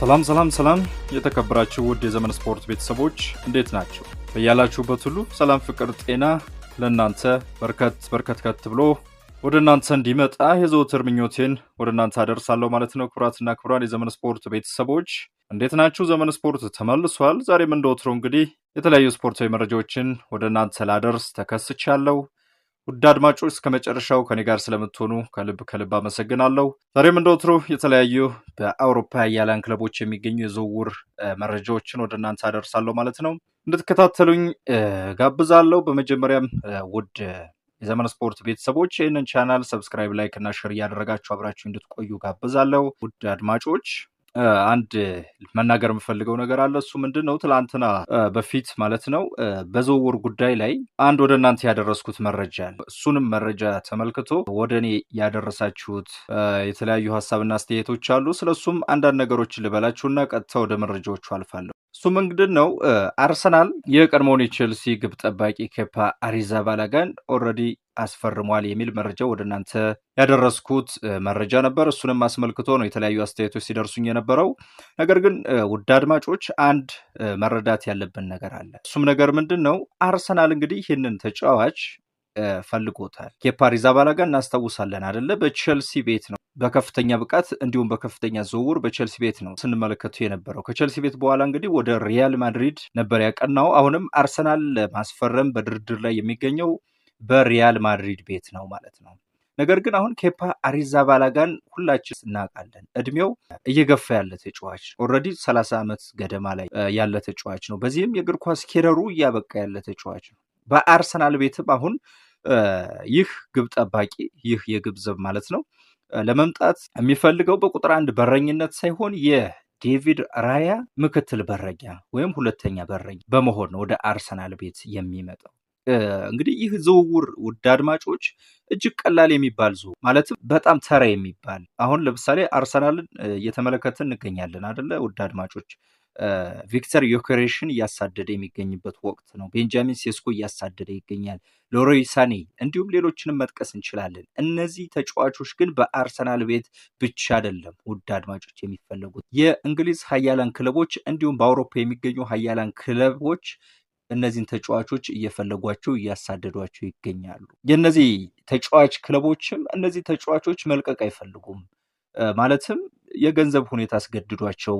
ሰላም ሰላም ሰላም የተከበራችሁ ውድ የዘመን ስፖርት ቤተሰቦች እንዴት ናቸው? በያላችሁበት ሁሉ ሰላም፣ ፍቅር፣ ጤና ለእናንተ በርከት በርከት ከት ብሎ ወደ እናንተ እንዲመጣ የዘውትር ምኞቴን ወደ እናንተ አደርሳለሁ ማለት ነው። ክቡራትና ክቡራን የዘመን ስፖርት ቤተሰቦች እንዴት ናችሁ? ዘመን ስፖርት ተመልሷል። ዛሬም እንደወትሮ እንግዲህ የተለያዩ ስፖርታዊ መረጃዎችን ወደ እናንተ ላደርስ ተከስቻለሁ። ውድ አድማጮች እስከ መጨረሻው ከኔ ጋር ስለምትሆኑ ከልብ ከልብ አመሰግናለሁ። ዛሬም እንደወትሮ የተለያዩ በአውሮፓ ያለን ክለቦች የሚገኙ የዝውውር መረጃዎችን ወደ እናንተ አደርሳለሁ ማለት ነው። እንድትከታተሉኝ ጋብዛለሁ። በመጀመሪያም ውድ የዘመን ስፖርት ቤተሰቦች ይህንን ቻናል ሰብስክራይብ፣ ላይክ እና ሽር እያደረጋችሁ አብራችሁ እንድትቆዩ ጋብዛለሁ። ውድ አድማጮች አንድ መናገር የምፈልገው ነገር አለ። እሱ ምንድን ነው? ትላንትና በፊት ማለት ነው በዝውውር ጉዳይ ላይ አንድ ወደ እናንተ ያደረስኩት መረጃ እሱንም መረጃ ተመልክቶ ወደ እኔ ያደረሳችሁት የተለያዩ ሀሳብና አስተያየቶች አሉ። ስለሱም አንዳንድ ነገሮችን ልበላችሁና ቀጥታ ወደ መረጃዎቹ አልፋለሁ። እሱ ምንድን ነው አርሰናል የቀድሞውን የቼልሲ ግብ ጠባቂ ኬፓ አሪዛባላጋን ኦልሬዲ አስፈርሟል የሚል መረጃ ወደ እናንተ ያደረስኩት መረጃ ነበር። እሱንም አስመልክቶ ነው የተለያዩ አስተያየቶች ሲደርሱኝ የነበረው። ነገር ግን ውድ አድማጮች አንድ መረዳት ያለብን ነገር አለ። እሱም ነገር ምንድን ነው አርሰናል እንግዲህ ይህንን ተጫዋች ፈልጎታል። ኬፓ አሪዛባላጋ እናስታውሳለን አደለ? በቼልሲ ቤት ነው በከፍተኛ ብቃት እንዲሁም በከፍተኛ ዝውውር በቼልሲ ቤት ነው ስንመለከቱ የነበረው። ከቼልሲ ቤት በኋላ እንግዲህ ወደ ሪያል ማድሪድ ነበር ያቀናው። አሁንም አርሰናል ለማስፈረም በድርድር ላይ የሚገኘው በሪያል ማድሪድ ቤት ነው ማለት ነው። ነገር ግን አሁን ኬፓ አሪዛባላጋን ሁላችን እናውቃለን። እድሜው እየገፋ ያለ ተጫዋች ኦልሬዲ 30 ዓመት ገደማ ላይ ያለ ተጫዋች ነው። በዚህም የእግር ኳስ ኬረሩ እያበቃ ያለ ተጫዋች ነው። በአርሰናል ቤትም አሁን ይህ ግብ ጠባቂ ይህ የግብ ዘብ ማለት ነው ለመምጣት የሚፈልገው በቁጥር አንድ በረኝነት ሳይሆን የዴቪድ ራያ ምክትል በረኛ ወይም ሁለተኛ በረኛ በመሆን ነው ወደ አርሰናል ቤት የሚመጣው። እንግዲህ ይህ ዝውውር ውድ አድማጮች እጅግ ቀላል የሚባል ዝውውር ማለትም በጣም ተራ የሚባል አሁን ለምሳሌ አርሰናልን እየተመለከትን እንገኛለን አደለ ውድ አድማጮች ቪክተር ዮኬሬሽን እያሳደደ የሚገኝበት ወቅት ነው። ቤንጃሚን ሴስኮ እያሳደደ ይገኛል። ሎሮይ ሳኔ እንዲሁም ሌሎችንም መጥቀስ እንችላለን። እነዚህ ተጫዋቾች ግን በአርሰናል ቤት ብቻ አይደለም ውድ አድማጮች የሚፈለጉት። የእንግሊዝ ሀያላን ክለቦች እንዲሁም በአውሮፓ የሚገኙ ሀያላን ክለቦች እነዚህን ተጫዋቾች እየፈለጓቸው እያሳደዷቸው ይገኛሉ። የእነዚህ ተጫዋች ክለቦችም እነዚህ ተጫዋቾች መልቀቅ አይፈልጉም። ማለትም የገንዘብ ሁኔታ አስገድዷቸው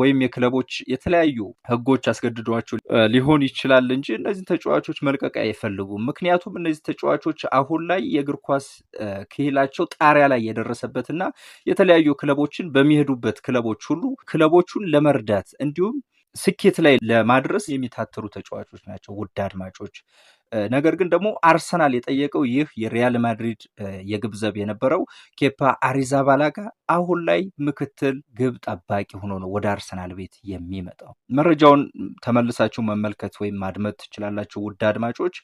ወይም የክለቦች የተለያዩ ህጎች አስገድዷቸው ሊሆን ይችላል እንጂ እነዚህን ተጫዋቾች መልቀቅ አይፈልጉም። ምክንያቱም እነዚህ ተጫዋቾች አሁን ላይ የእግር ኳስ ክሂላቸው ጣሪያ ላይ የደረሰበትና የተለያዩ ክለቦችን በሚሄዱበት ክለቦች ሁሉ ክለቦቹን ለመርዳት እንዲሁም ስኬት ላይ ለማድረስ የሚታተሩ ተጫዋቾች ናቸው። ውድ አድማጮች ነገር ግን ደግሞ አርሰናል የጠየቀው ይህ የሪያል ማድሪድ የግብ ዘብ የነበረው ኬፓ አሪዛባላጋ አሁን ላይ ምክትል ግብ ጠባቂ ሆኖ ነው ወደ አርሰናል ቤት የሚመጣው። መረጃውን ተመልሳችሁ መመልከት ወይም ማድመጥ ትችላላችሁ ውድ አድማጮች።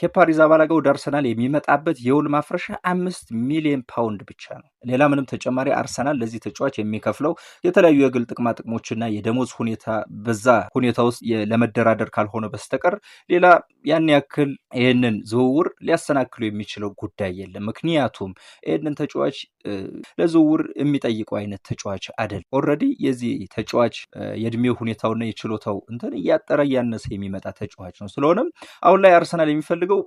ከፓሪዝ አባል ወደ አርሰናል የሚመጣበት የውል ማፍረሻ አምስት ሚሊዮን ፓውንድ ብቻ ነው። ሌላ ምንም ተጨማሪ አርሰናል ለዚህ ተጫዋች የሚከፍለው የተለያዩ የግል ጥቅማ ጥቅሞችና የደሞዝ ሁኔታ በዛ ሁኔታ ውስጥ ለመደራደር ካልሆነ በስተቀር ሌላ ያን ያክል ይህንን ዝውውር ሊያሰናክሉ የሚችለው ጉዳይ የለም። ምክንያቱም ይህንን ተጫዋች ለዝውውር የሚጠይቀው አይነት ተጫዋች አደል። ኦልሬዲ የዚህ ተጫዋች የእድሜ ሁኔታውና የችሎታው እንትን እያጠረ እያነሰ የሚመጣ ተጫዋች ነው። ስለሆነም አሁን ላይ አርሰናል የሚፈልገው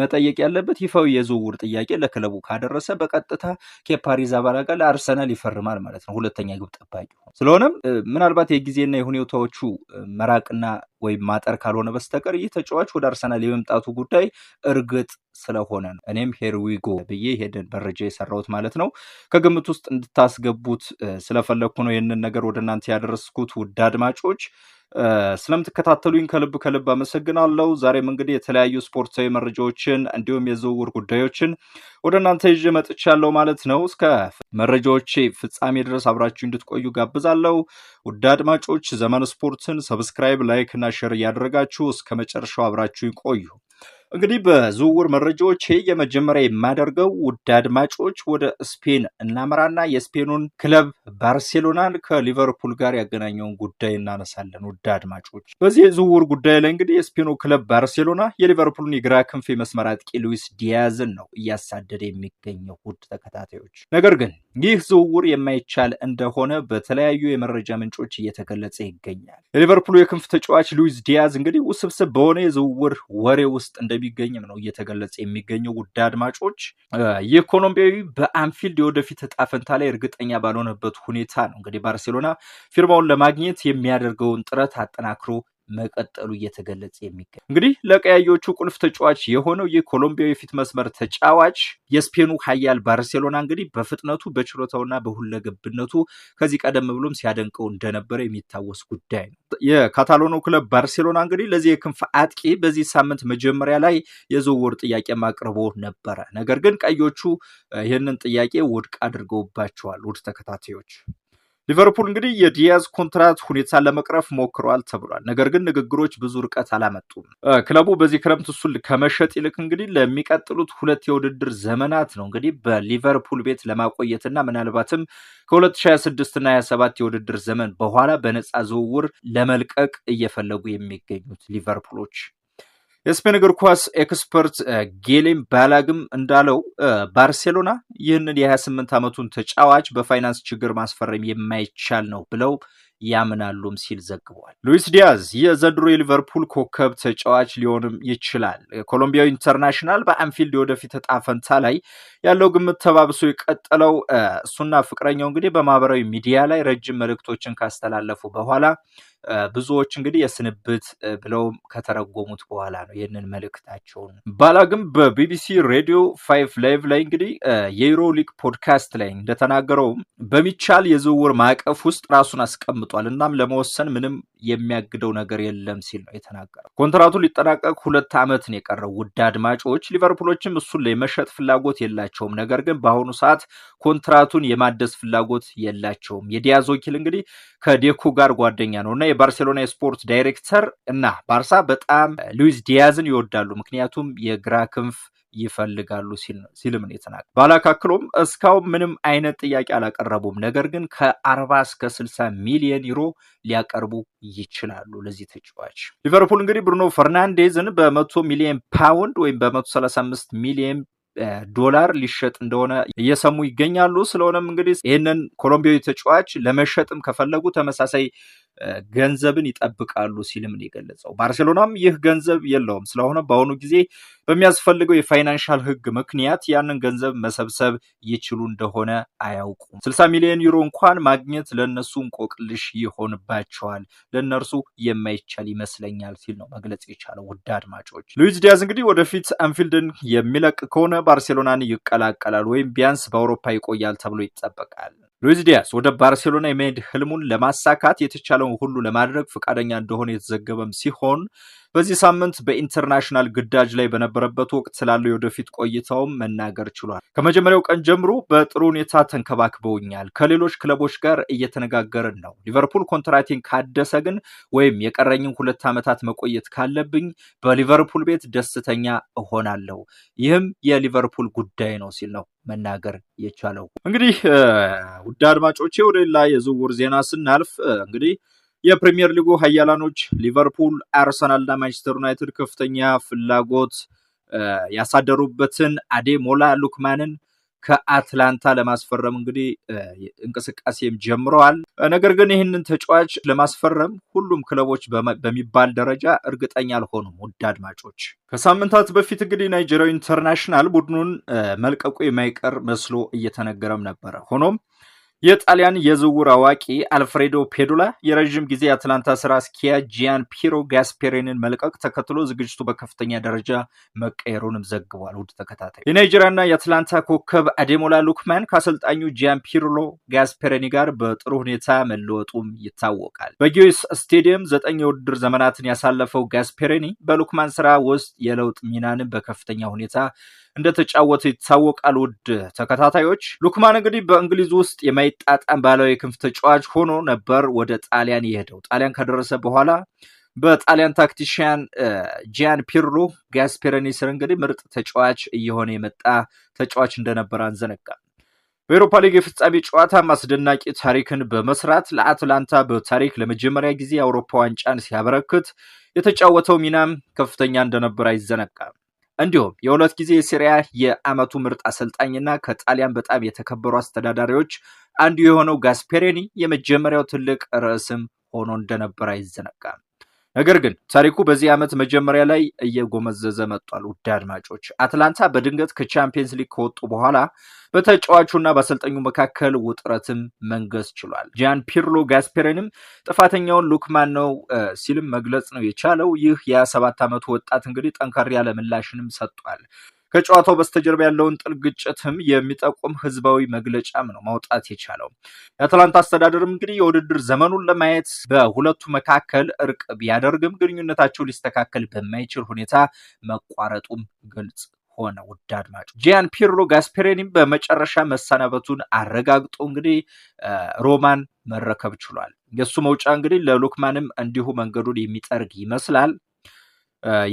መጠየቅ ያለበት ይፋዊ የዝውውር ጥያቄ ለክለቡ ካደረሰ በቀጥታ ከፓሪዝ አባላ ጋር ለአርሰናል ይፈርማል ማለት ነው፣ ሁለተኛ ግብ ጠባቂ። ስለሆነም ምናልባት የጊዜና የሁኔታዎቹ መራቅና ወይም ማጠር ካልሆነ በስተቀር ይህ ተጫዋች ወደ አርሰናል የመምጣቱ ጉዳይ እርግጥ ስለሆነ ነው። እኔም ሄርዊጎ ብዬ ሄደን መረጃ የሰራሁት ማለት ነው። ከግምት ውስጥ እንድታስገቡት ስለፈለግኩ ነው ይህንን ነገር ወደ እናንተ ያደረስኩት ውድ አድማጮች። ስለምትከታተሉኝ ከልብ ከልብ አመሰግናለሁ። ዛሬም እንግዲህ የተለያዩ ስፖርታዊ መረጃዎችን እንዲሁም የዝውውር ጉዳዮችን ወደ እናንተ ይዤ መጥቻለሁ ማለት ነው። እስከ መረጃዎቼ ፍጻሜ ድረስ አብራችሁ እንድትቆዩ ጋብዛለሁ። ውድ አድማጮች ዘመን ስፖርትን ሰብስክራይብ፣ ላይክ እና ሼር እያደረጋችሁ እስከ መጨረሻው አብራችሁ ይቆዩ። እንግዲህ በዝውውር መረጃዎች የመጀመሪያ የማደርገው ውድ አድማጮች ወደ ስፔን እናመራና የስፔኑን ክለብ ባርሴሎናን ከሊቨርፑል ጋር ያገናኘውን ጉዳይ እናነሳለን። ውድ አድማጮች በዚህ የዝውውር ጉዳይ ላይ እንግዲህ የስፔኑ ክለብ ባርሴሎና የሊቨርፑልን የግራ ክንፍ የመስመር አጥቂ ሉዊስ ዲያዝን ነው እያሳደደ የሚገኘው። ውድ ተከታታዮች፣ ነገር ግን ይህ ዝውውር የማይቻል እንደሆነ በተለያዩ የመረጃ ምንጮች እየተገለጸ ይገኛል። የሊቨርፑሉ የክንፍ ተጫዋች ሉዊስ ዲያዝ እንግዲህ ውስብስብ በሆነ የዝውውር ወሬ ውስጥ እንደሚ ቢገኝም ነው እየተገለጸ የሚገኘው። ውድ አድማጮች ይህ ኮሎምቢያዊ በአንፊልድ የወደፊት እጣ ፈንታ ላይ እርግጠኛ ባልሆነበት ሁኔታ ነው እንግዲህ ባርሴሎና ፊርማውን ለማግኘት የሚያደርገውን ጥረት አጠናክሮ መቀጠሉ እየተገለጸ የሚገኝ እንግዲህ ለቀያዮቹ ቁልፍ ተጫዋች የሆነው የኮሎምቢያው የፊት መስመር ተጫዋች የስፔኑ ኃያል ባርሴሎና እንግዲህ በፍጥነቱ በችሎታውና በሁለገብነቱ ከዚህ ቀደም ብሎም ሲያደንቀው እንደነበረ የሚታወስ ጉዳይ ነው። የካታሎኖ ክለብ ባርሴሎና እንግዲህ ለዚህ የክንፍ አጥቂ በዚህ ሳምንት መጀመሪያ ላይ የዝውውር ጥያቄ አቅርቦ ነበረ። ነገር ግን ቀዮቹ ይህንን ጥያቄ ውድቅ አድርገውባቸዋል። ውድ ተከታታዮች ሊቨርፑል እንግዲህ የዲያዝ ኮንትራት ሁኔታን ለመቅረፍ ሞክረዋል ተብሏል። ነገር ግን ንግግሮች ብዙ ርቀት አላመጡም። ክለቡ በዚህ ክረምት እሱን ከመሸጥ ይልቅ እንግዲህ ለሚቀጥሉት ሁለት የውድድር ዘመናት ነው እንግዲህ በሊቨርፑል ቤት ለማቆየትና ምናልባትም ከ2026 እና 27 የውድድር ዘመን በኋላ በነፃ ዝውውር ለመልቀቅ እየፈለጉ የሚገኙት ሊቨርፑሎች የስፔን እግር ኳስ ኤክስፐርት ጌሌም ባላግም እንዳለው ባርሴሎና ይህንን የ28 ዓመቱን ተጫዋች በፋይናንስ ችግር ማስፈረም የማይቻል ነው ብለው ያምናሉም ሲል ዘግቧል። ሉዊስ ዲያዝ የዘንድሮ የሊቨርፑል ኮከብ ተጫዋች ሊሆንም ይችላል። ኮሎምቢያዊ ኢንተርናሽናል በአንፊልድ የወደፊት እጣ ፈንታ ላይ ያለው ግምት ተባብሶ የቀጠለው እሱና ፍቅረኛው እንግዲህ በማህበራዊ ሚዲያ ላይ ረጅም መልእክቶችን ካስተላለፉ በኋላ ብዙዎች እንግዲህ የስንብት ብለው ከተረጎሙት በኋላ ነው ይህንን መልእክታቸውን። ባላ ግን በቢቢሲ ሬዲዮ ፋይቭ ላይቭ ላይ እንግዲህ የዩሮ ሊግ ፖድካስት ላይ እንደተናገረው በሚቻል የዝውውር ማዕቀፍ ውስጥ ራሱን አስቀምጧል። እናም ለመወሰን ምንም የሚያግደው ነገር የለም ሲል ነው የተናገረው። ኮንትራቱ ሊጠናቀቅ ሁለት ዓመት ነው የቀረው። ውድ አድማጮች፣ ሊቨርፑሎችም እሱን የመሸጥ ፍላጎት የላቸውም። ነገር ግን በአሁኑ ሰዓት ኮንትራቱን የማደስ ፍላጎት የላቸውም። የዲያዝ ወኪል እንግዲህ ከዴኮ ጋር ጓደኛ ነው እና የባርሴሎና የስፖርት ዳይሬክተር እና ባርሳ በጣም ሉዊዝ ዲያዝን ይወዳሉ፣ ምክንያቱም የግራ ክንፍ ይፈልጋሉ ሲልም ነው የተናገረው። ባላካክሎም እስካሁን ምንም አይነት ጥያቄ አላቀረቡም፣ ነገር ግን ከአርባ እስከ ስልሳ ሚሊየን ዩሮ ሊያቀርቡ ይችላሉ ለዚህ ተጫዋች። ሊቨርፑል እንግዲህ ብሩኖ ፈርናንዴዝን በመቶ ሚሊየን ፓውንድ ወይም በመቶ ሰላሳ አምስት ሚሊየን ዶላር ሊሸጥ እንደሆነ እየሰሙ ይገኛሉ። ስለሆነም እንግዲህ ይህንን ኮሎምቢያዊ ተጫዋች ለመሸጥም ከፈለጉ ተመሳሳይ ገንዘብን ይጠብቃሉ ሲልም ነው የገለጸው። ባርሴሎናም ይህ ገንዘብ የለውም ስለሆነ በአሁኑ ጊዜ በሚያስፈልገው የፋይናንሻል ሕግ ምክንያት ያንን ገንዘብ መሰብሰብ ይችሉ እንደሆነ አያውቁም። ስልሳ ሚሊዮን ዩሮ እንኳን ማግኘት ለእነሱ እንቆቅልሽ ይሆንባቸዋል፣ ለእነርሱ የማይቻል ይመስለኛል ሲል ነው መግለጽ የቻለው። ውድ አድማጮች፣ ሉዊዝ ዲያዝ እንግዲህ ወደፊት አንፊልድን የሚለቅ ከሆነ ባርሴሎናን ይቀላቀላል ወይም ቢያንስ በአውሮፓ ይቆያል ተብሎ ይጠበቃል። ሉዊስ ዲያስ ወደ ባርሴሎና የመሄድ ህልሙን ለማሳካት የተቻለውን ሁሉ ለማድረግ ፈቃደኛ እንደሆነ የተዘገበም ሲሆን በዚህ ሳምንት በኢንተርናሽናል ግዳጅ ላይ በነበረበት ወቅት ስላለው የወደፊት ቆይታውም መናገር ችሏል። ከመጀመሪያው ቀን ጀምሮ በጥሩ ሁኔታ ተንከባክበውኛል። ከሌሎች ክለቦች ጋር እየተነጋገርን ነው። ሊቨርፑል ኮንትራቴን ካደሰ ግን ወይም የቀረኝን ሁለት ዓመታት መቆየት ካለብኝ በሊቨርፑል ቤት ደስተኛ እሆናለሁ። ይህም የሊቨርፑል ጉዳይ ነው ሲል ነው መናገር የቻለው። እንግዲህ ውድ አድማጮቼ ወደ ሌላ የዝውውር ዜና ስናልፍ እንግዲህ የፕሪምየር ሊጉ ሀያላኖች ሊቨርፑል፣ አርሰናል እና ማንቸስተር ዩናይትድ ከፍተኛ ፍላጎት ያሳደሩበትን አዴሞላ ሉክማንን ከአትላንታ ለማስፈረም እንግዲህ እንቅስቃሴም ጀምረዋል። ነገር ግን ይህንን ተጫዋች ለማስፈረም ሁሉም ክለቦች በሚባል ደረጃ እርግጠኛ አልሆኑም። ውድ አድማጮች፣ ከሳምንታት በፊት እንግዲህ ናይጄሪያዊ ኢንተርናሽናል ቡድኑን መልቀቁ የማይቀር መስሎ እየተነገረም ነበረ። ሆኖም የጣሊያን የዝውውር አዋቂ አልፍሬዶ ፔዱላ የረዥም ጊዜ የአትላንታ ስራ አስኪያጅ ጂያን ፒሮ ጋስፔሬንን መልቀቅ ተከትሎ ዝግጅቱ በከፍተኛ ደረጃ መቀየሩንም ዘግቧል። ውድ ተከታታይ የናይጄሪያና የአትላንታ ኮከብ አዴሞላ ሉክማን ከአሰልጣኙ ጂያን ፒሮ ጋስፔሬኒ ጋር በጥሩ ሁኔታ መለወጡም ይታወቃል። በጊዮስ ስቴዲየም ዘጠኝ የውድድር ዘመናትን ያሳለፈው ጋስፔሬኒ በሉክማን ስራ ውስጥ የለውጥ ሚናንም በከፍተኛ ሁኔታ እንደተጫወተ ይታወቃል። ውድ ተከታታዮች ሉክማን እንግዲህ በእንግሊዝ ውስጥ የማይጣጣም ባህላዊ ክንፍ ተጫዋች ሆኖ ነበር ወደ ጣሊያን የሄደው። ጣሊያን ከደረሰ በኋላ በጣሊያን ታክቲሽያን ጂያን ፒርሎ ጋስፔሪኒ ስር እንግዲህ ምርጥ ተጫዋች እየሆነ የመጣ ተጫዋች እንደነበር አንዘነጋም። በኤሮፓ ሊግ የፍጻሜ ጨዋታ አስደናቂ ታሪክን በመስራት ለአትላንታ በታሪክ ለመጀመሪያ ጊዜ የአውሮፓ ዋንጫን ሲያበረክት የተጫወተው ሚናም ከፍተኛ እንደነበር አይዘነጋም። እንዲሁም የሁለት ጊዜ የሴሪያ የአመቱ ምርጥ አሰልጣኝና ከጣሊያን በጣም የተከበሩ አስተዳዳሪዎች አንዱ የሆነው ጋስፔሬኒ የመጀመሪያው ትልቅ ርዕስም ሆኖ እንደነበር አይዘነጋም። ነገር ግን ታሪኩ በዚህ ዓመት መጀመሪያ ላይ እየጎመዘዘ መጧል። ውድ አድማጮች፣ አትላንታ በድንገት ከቻምፒየንስ ሊግ ከወጡ በኋላ በተጫዋቹና በአሰልጠኙ መካከል ውጥረትም መንገስ ችሏል። ጃን ፒርሎ ጋስፔሬንም ጥፋተኛውን ሉክማን ነው ሲልም መግለጽ ነው የቻለው። ይህ የሰባት ዓመቱ ወጣት እንግዲህ ጠንከር ያለ ምላሽንም ሰጥቷል። ከጨዋታው በስተጀርባ ያለውን ጥል ግጭትም የሚጠቁም ህዝባዊ መግለጫም ነው ማውጣት የቻለው። የአትላንታ አስተዳደርም እንግዲህ የውድድር ዘመኑን ለማየት በሁለቱ መካከል እርቅ ቢያደርግም ግንኙነታቸው ሊስተካከል በማይችል ሁኔታ መቋረጡም ግልጽ ሆነ። ውድ አድማጭ ጂያን ፒሮ ጋስፔሬኒም በመጨረሻ መሰናበቱን አረጋግጦ እንግዲህ ሮማን መረከብ ችሏል። የእሱ መውጫ እንግዲህ ለሉክማንም እንዲሁ መንገዱን የሚጠርግ ይመስላል።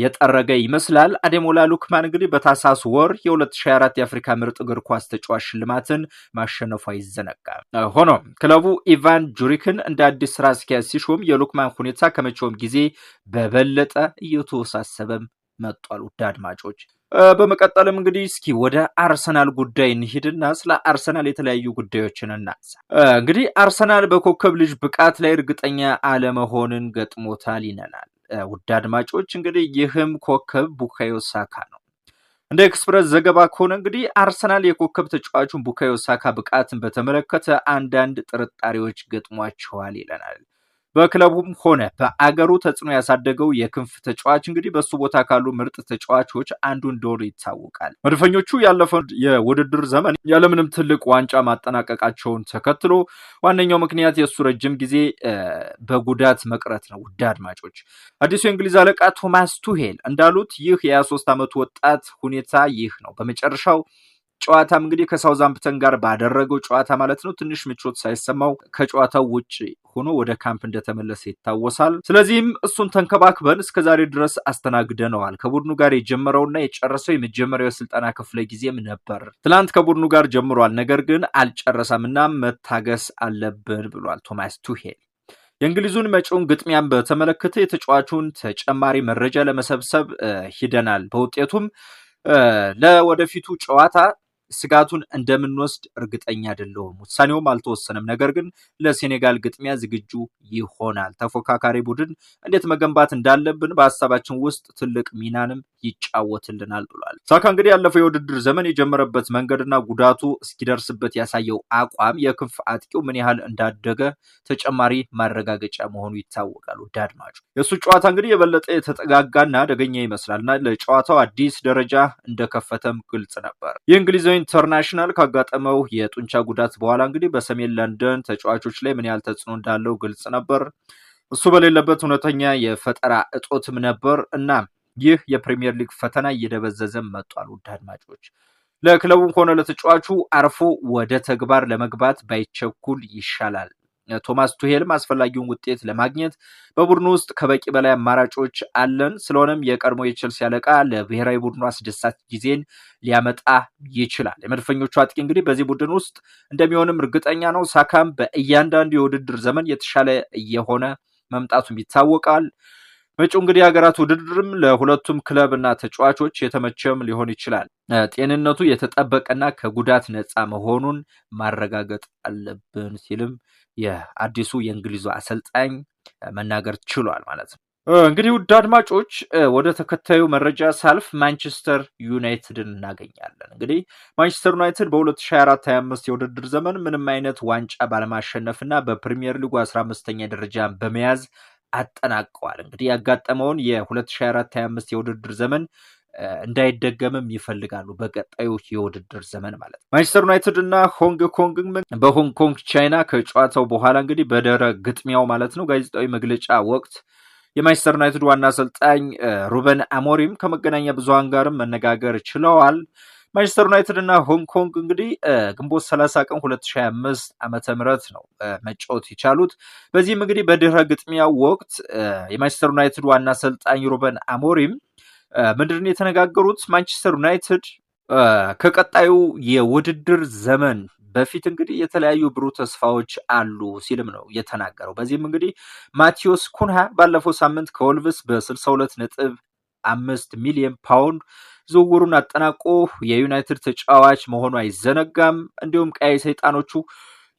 የጠረገ ይመስላል። አዴሞላ ሉክማን እንግዲህ በታሳስ ወር የ2024 የአፍሪካ ምርጥ እግር ኳስ ተጫዋች ሽልማትን ማሸነፉ አይዘነጋም። ሆኖም ክለቡ ኢቫን ጁሪክን እንደ አዲስ ስራ አስኪያጅ ሲሾም የሉክማን ሁኔታ ከመቼውም ጊዜ በበለጠ እየተወሳሰበም መጧል። ውድ አድማጮች በመቀጠልም እንግዲህ እስኪ ወደ አርሰናል ጉዳይ እንሂድና ስለ አርሰናል የተለያዩ ጉዳዮችን እናንሳ። እንግዲህ አርሰናል በኮከብ ልጅ ብቃት ላይ እርግጠኛ አለመሆንን ገጥሞታል ይነናል። ውድ አድማጮች እንግዲህ ይህም ኮከብ ቡካዮ ሳካ ነው። እንደ ኤክስፕረስ ዘገባ ከሆነ እንግዲህ አርሰናል የኮከብ ተጫዋቹን ቡካዮ ሳካ ብቃትን በተመለከተ አንዳንድ ጥርጣሬዎች ገጥሟቸዋል ይለናል። በክለቡም ሆነ በአገሩ ተጽዕኖ ያሳደገው የክንፍ ተጫዋች እንግዲህ በሱ ቦታ ካሉ ምርጥ ተጫዋቾች አንዱ እንደሆነ ይታወቃል። መድፈኞቹ ያለፈው የውድድር ዘመን ያለምንም ትልቅ ዋንጫ ማጠናቀቃቸውን ተከትሎ ዋነኛው ምክንያት የእሱ ረጅም ጊዜ በጉዳት መቅረት ነው። ውድ አድማጮች፣ አዲሱ የእንግሊዝ አለቃ ቶማስ ቱሄል እንዳሉት ይህ የ23 ዓመቱ ወጣት ሁኔታ ይህ ነው። በመጨረሻው ጨዋታም እንግዲህ ከሳውዛምፕተን ጋር ባደረገው ጨዋታ ማለት ነው ትንሽ ምቾት ሳይሰማው ከጨዋታው ውጭ ሆኖ ወደ ካምፕ እንደተመለሰ ይታወሳል። ስለዚህም እሱን ተንከባክበን እስከዛሬ ድረስ አስተናግደነዋል። ከቡድኑ ጋር የጀመረውና የጨረሰው የመጀመሪያው የስልጠና ክፍለ ጊዜም ነበር። ትላንት ከቡድኑ ጋር ጀምሯል፣ ነገር ግን አልጨረሰም እና መታገስ አለብን ብሏል ቶማስ ቱሄል። የእንግሊዙን መጪውን ግጥሚያን በተመለከተ የተጫዋቹን ተጨማሪ መረጃ ለመሰብሰብ ሂደናል። በውጤቱም ለወደፊቱ ጨዋታ ስጋቱን እንደምንወስድ እርግጠኛ አይደለሁም። ውሳኔውም አልተወሰነም። ነገር ግን ለሴኔጋል ግጥሚያ ዝግጁ ይሆናል። ተፎካካሪ ቡድን እንዴት መገንባት እንዳለብን በሀሳባችን ውስጥ ትልቅ ሚናንም ይጫወትልናል ብሏል። ሳካ እንግዲህ ያለፈው የውድድር ዘመን የጀመረበት መንገድና ጉዳቱ እስኪደርስበት ያሳየው አቋም የክንፍ አጥቂው ምን ያህል እንዳደገ ተጨማሪ ማረጋገጫ መሆኑ ይታወቃል። ውድ አድማጩ የእሱ ጨዋታ እንግዲህ የበለጠ የተጠጋጋና አደገኛ ይመስላል ለጨዋታው አዲስ ደረጃ እንደከፈተም ግልጽ ነበር። የእንግሊዛዊ ኢንተርናሽናል ካጋጠመው የጡንቻ ጉዳት በኋላ እንግዲህ በሰሜን ለንደን ተጫዋቾች ላይ ምን ያህል ተጽዕኖ እንዳለው ግልጽ ነበር። እሱ በሌለበት እውነተኛ የፈጠራ እጦትም ነበር እና ይህ የፕሪሚየር ሊግ ፈተና እየደበዘዘ መጧል። ውድ አድማጮች፣ ለክለቡም ሆነ ለተጫዋቹ አርፎ ወደ ተግባር ለመግባት ባይቸኩል ይሻላል። ቶማስ ቱሄልም አስፈላጊውን ውጤት ለማግኘት በቡድኑ ውስጥ ከበቂ በላይ አማራጮች አለን። ስለሆነም የቀድሞ የቼልሲ አለቃ ለብሔራዊ ቡድኑ አስደሳች ጊዜን ሊያመጣ ይችላል። የመድፈኞቹ አጥቂ እንግዲህ በዚህ ቡድን ውስጥ እንደሚሆንም እርግጠኛ ነው። ሳካም በእያንዳንዱ የውድድር ዘመን የተሻለ እየሆነ መምጣቱም ይታወቃል። መጪው እንግዲህ የሀገራት ውድድርም ለሁለቱም ክለብና ተጫዋቾች የተመቸም ሊሆን ይችላል። ጤንነቱ የተጠበቀና ከጉዳት ነፃ መሆኑን ማረጋገጥ አለብን ሲልም የአዲሱ የእንግሊዙ አሰልጣኝ መናገር ችሏል ማለት ነው። እንግዲህ ውድ አድማጮች ወደ ተከታዩ መረጃ ሳልፍ ማንቸስተር ዩናይትድን እናገኛለን። እንግዲህ ማንቸስተር ዩናይትድ በ2024/25 የውድድር ዘመን ምንም አይነት ዋንጫ ባለማሸነፍና በፕሪሚየር ሊጉ 15ኛ ደረጃ በመያዝ አጠናቀዋል። እንግዲህ ያጋጠመውን የ2024/25 የውድድር ዘመን እንዳይደገምም ይፈልጋሉ በቀጣዩ የውድድር ዘመን ማለት ነው። ማንቸስተር ዩናይትድ እና ሆንግ ኮንግ በሆንግ ኮንግ ቻይና ከጨዋታው በኋላ እንግዲህ በደረ ግጥሚያው ማለት ነው ጋዜጣዊ መግለጫ ወቅት የማንቸስተር ዩናይትድ ዋና አሰልጣኝ ሩበን አሞሪም ከመገናኛ ብዙሃን ጋርም መነጋገር ችለዋል። ማንቸስተር ዩናይትድ እና ሆንግ ኮንግ እንግዲህ ግንቦት 30 ቀን 2025 ዓመተ ምህረት ነው መጫወት የቻሉት። በዚህም እንግዲህ በድህረ ግጥሚያው ወቅት የማንቸስተር ዩናይትድ ዋና አሰልጣኝ ሩበን አሞሪም ምንድን ነው የተነጋገሩት? ማንቸስተር ዩናይትድ ከቀጣዩ የውድድር ዘመን በፊት እንግዲህ የተለያዩ ብሩህ ተስፋዎች አሉ ሲልም ነው የተናገረው። በዚህም እንግዲህ ማቴዎስ ኩንሃ ባለፈው ሳምንት ከወልቭስ በ62 ነጥብ አምስት ሚሊዮን ፓውንድ ዝውውሩን አጠናቆ የዩናይትድ ተጫዋች መሆኑ አይዘነጋም። እንዲሁም ቀያይ ሰይጣኖቹ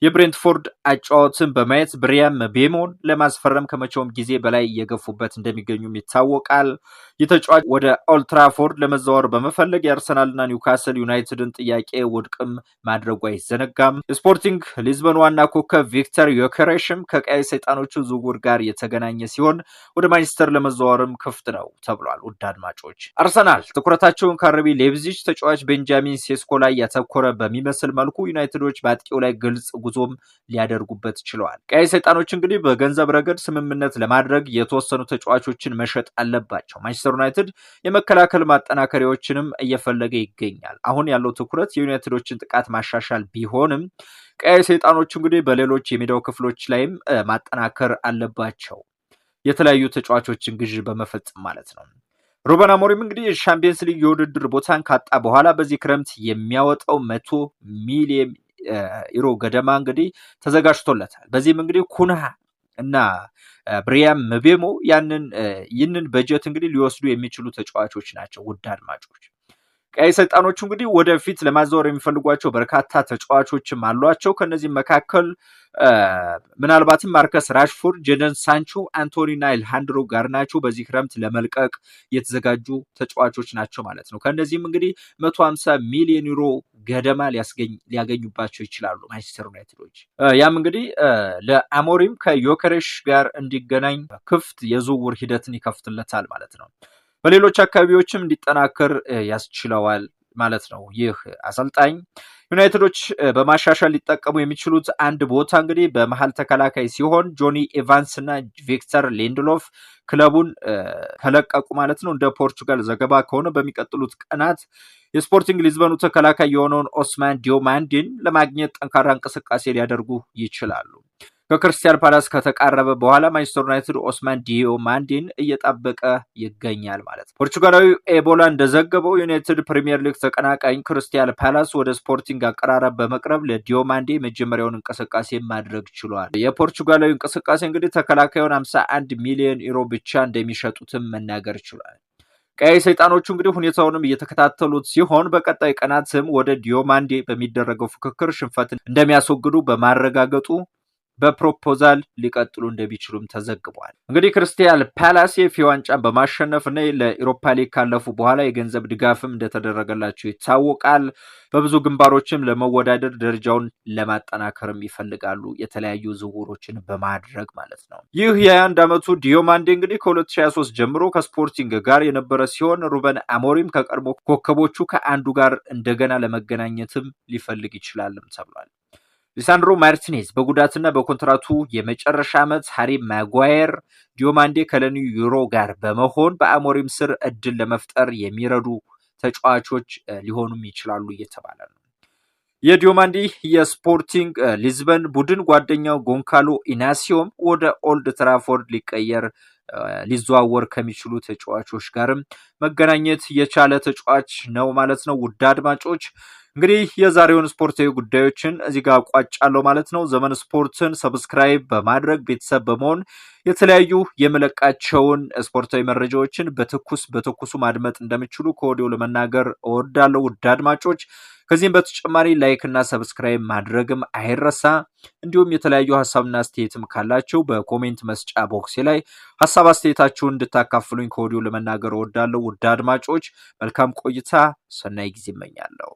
የብሬንትፎርድ አጫዋትን በማየት ብሪያም ቤሞን ለማስፈረም ከመቼውም ጊዜ በላይ እየገፉበት እንደሚገኙም ይታወቃል። የተጫዋች ወደ ኦልትራፎርድ ለመዘዋወር በመፈለግ የአርሰናልና ኒውካስል ዩናይትድን ጥያቄ ውድቅም ማድረጉ አይዘነጋም። ስፖርቲንግ ሊዝበን ዋና ኮከብ ቪክተር ዮከሬሽም ከቀያይ ሰይጣኖቹ ዝውውር ጋር የተገናኘ ሲሆን ወደ ማንቸስተር ለመዘዋወርም ክፍት ነው ተብሏል። ውድ አድማጮች አርሰናል ትኩረታቸውን ከአርቢ ሌብዚች ተጫዋች ቤንጃሚን ሴስኮ ላይ ያተኮረ በሚመስል መልኩ ዩናይትዶች በአጥቂው ላይ ግልጽ ጉዞም ሊያደርጉበት ችለዋል። ቀይ ሰይጣኖች እንግዲህ በገንዘብ ረገድ ስምምነት ለማድረግ የተወሰኑ ተጫዋቾችን መሸጥ አለባቸው። ማንቸስተር ዩናይትድ የመከላከል ማጠናከሪያዎችንም እየፈለገ ይገኛል። አሁን ያለው ትኩረት የዩናይትዶችን ጥቃት ማሻሻል ቢሆንም ቀይ ሰይጣኖቹ እንግዲህ በሌሎች የሜዳው ክፍሎች ላይም ማጠናከር አለባቸው። የተለያዩ ተጫዋቾችን ግዥ በመፈጸም ማለት ነው። ሩበን አሞሪም እንግዲህ የሻምፒየንስ ሊግ የውድድር ቦታን ካጣ በኋላ በዚህ ክረምት የሚያወጣው መቶ ሚሊየን ኢሮ ገደማ እንግዲህ ተዘጋጅቶለታል። በዚህም እንግዲህ ኩንሃ እና ብሪያም ምቤሞ ያንን ይህንን በጀት እንግዲህ ሊወስዱ የሚችሉ ተጫዋቾች ናቸው። ውድ አድማጮች ቀይ ሰይጣኖቹ እንግዲህ ወደፊት ለማዛወር የሚፈልጓቸው በርካታ ተጫዋቾችም አሏቸው። ከነዚህም መካከል ምናልባትም ማርከስ ራሽፎርድ፣ ጀደን ሳንቾ፣ አንቶኒና አሌሃንድሮ ጋርናቾ በዚህ ክረምት ለመልቀቅ የተዘጋጁ ተጫዋቾች ናቸው ማለት ነው። ከእነዚህም እንግዲህ መቶ ሀምሳ ሚሊዮን ዩሮ ገደማ ሊያገኙባቸው ይችላሉ ማንቸስተር ዩናይትዶች። ያም እንግዲህ ለአሞሪም ከዮከሬሽ ጋር እንዲገናኝ ክፍት የዝውውር ሂደትን ይከፍትለታል ማለት ነው። በሌሎች አካባቢዎችም እንዲጠናከር ያስችለዋል ማለት ነው ይህ አሰልጣኝ ዩናይትዶች በማሻሻል ሊጠቀሙ የሚችሉት አንድ ቦታ እንግዲህ በመሀል ተከላካይ ሲሆን ጆኒ ኤቫንስ እና ቪክተር ሌንድሎፍ ክለቡን ከለቀቁ ማለት ነው። እንደ ፖርቹጋል ዘገባ ከሆነ በሚቀጥሉት ቀናት የስፖርቲንግ ሊዝበኑ ተከላካይ የሆነውን ኦስማን ዲዮማንዲን ለማግኘት ጠንካራ እንቅስቃሴ ሊያደርጉ ይችላሉ። ከክርስቲያን ፓላስ ከተቃረበ በኋላ ማንቸስተር ዩናይትድ ኦስማን ዲዮ ማንዲን እየጠበቀ ይገኛል ማለት ነው። ፖርቹጋላዊ ኤቦላ እንደዘገበው ዩናይትድ ፕሪምየር ሊግ ተቀናቃኝ ክርስቲያን ፓላስ ወደ ስፖርቲንግ አቀራረብ በመቅረብ ለዲዮ ማንዴ መጀመሪያውን እንቅስቃሴ ማድረግ ችሏል። የፖርቹጋላዊ እንቅስቃሴ እንግዲህ ተከላካዩን 51 ሚሊዮን ዩሮ ብቻ እንደሚሸጡትም መናገር ችሏል። ቀይ ሰይጣኖቹ እንግዲህ ሁኔታውንም እየተከታተሉት ሲሆን በቀጣይ ቀናትም ወደ ዲዮማንዴ በሚደረገው ፍክክር ሽንፈትን እንደሚያስወግዱ በማረጋገጡ በፕሮፖዛል ሊቀጥሉ እንደሚችሉም ተዘግቧል። እንግዲህ ክሪስታል ፓላስ የኤፍኤ ዋንጫን በማሸነፍ እና ለኢሮፓ ሊግ ካለፉ በኋላ የገንዘብ ድጋፍም እንደተደረገላቸው ይታወቃል። በብዙ ግንባሮችም ለመወዳደር ደረጃውን ለማጠናከርም ይፈልጋሉ፣ የተለያዩ ዝውውሮችን በማድረግ ማለት ነው። ይህ የአንድ ዓመቱ ዲዮማንዴ እንግዲህ ከ2023 ጀምሮ ከስፖርቲንግ ጋር የነበረ ሲሆን ሩበን አሞሪም ከቀድሞ ኮከቦቹ ከአንዱ ጋር እንደገና ለመገናኘትም ሊፈልግ ይችላልም ተብሏል። ሊሳንድሮ ማርቲኔዝ በጉዳትና በኮንትራቱ የመጨረሻ ዓመት ሃሪ ማጓየር፣ ዲዮማንዴ ከለኒው ዩሮ ጋር በመሆን በአሞሪም ስር እድል ለመፍጠር የሚረዱ ተጫዋቾች ሊሆኑም ይችላሉ እየተባለ ነው። የዲዮማንዲ የስፖርቲንግ ሊዝበን ቡድን ጓደኛው ጎንካሎ ኢናሲዮም ወደ ኦልድ ትራፎርድ ሊቀየር ሊዘዋወር ከሚችሉ ተጫዋቾች ጋርም መገናኘት የቻለ ተጫዋች ነው ማለት ነው። ውድ አድማጮች እንግዲህ የዛሬውን ስፖርታዊ ጉዳዮችን እዚህ ጋር አቋጫለሁ ማለት ነው። ዘመን ስፖርትን ሰብስክራይብ በማድረግ ቤተሰብ በመሆን የተለያዩ የምለቃቸውን ስፖርታዊ መረጃዎችን በትኩስ በትኩሱ ማድመጥ እንደምችሉ ከወዲሁ ለመናገር እወዳለሁ። ውድ አድማጮች ከዚህም በተጨማሪ ላይክ እና ሰብስክራይብ ማድረግም አይረሳ። እንዲሁም የተለያዩ ሀሳብና አስተያየትም ካላቸው በኮሜንት መስጫ ቦክሴ ላይ ሀሳብ አስተያየታችሁን እንድታካፍሉኝ ከወዲሁ ለመናገር እወዳለሁ። ውድ አድማጮች መልካም ቆይታ፣ ሰናይ ጊዜ እመኛለሁ።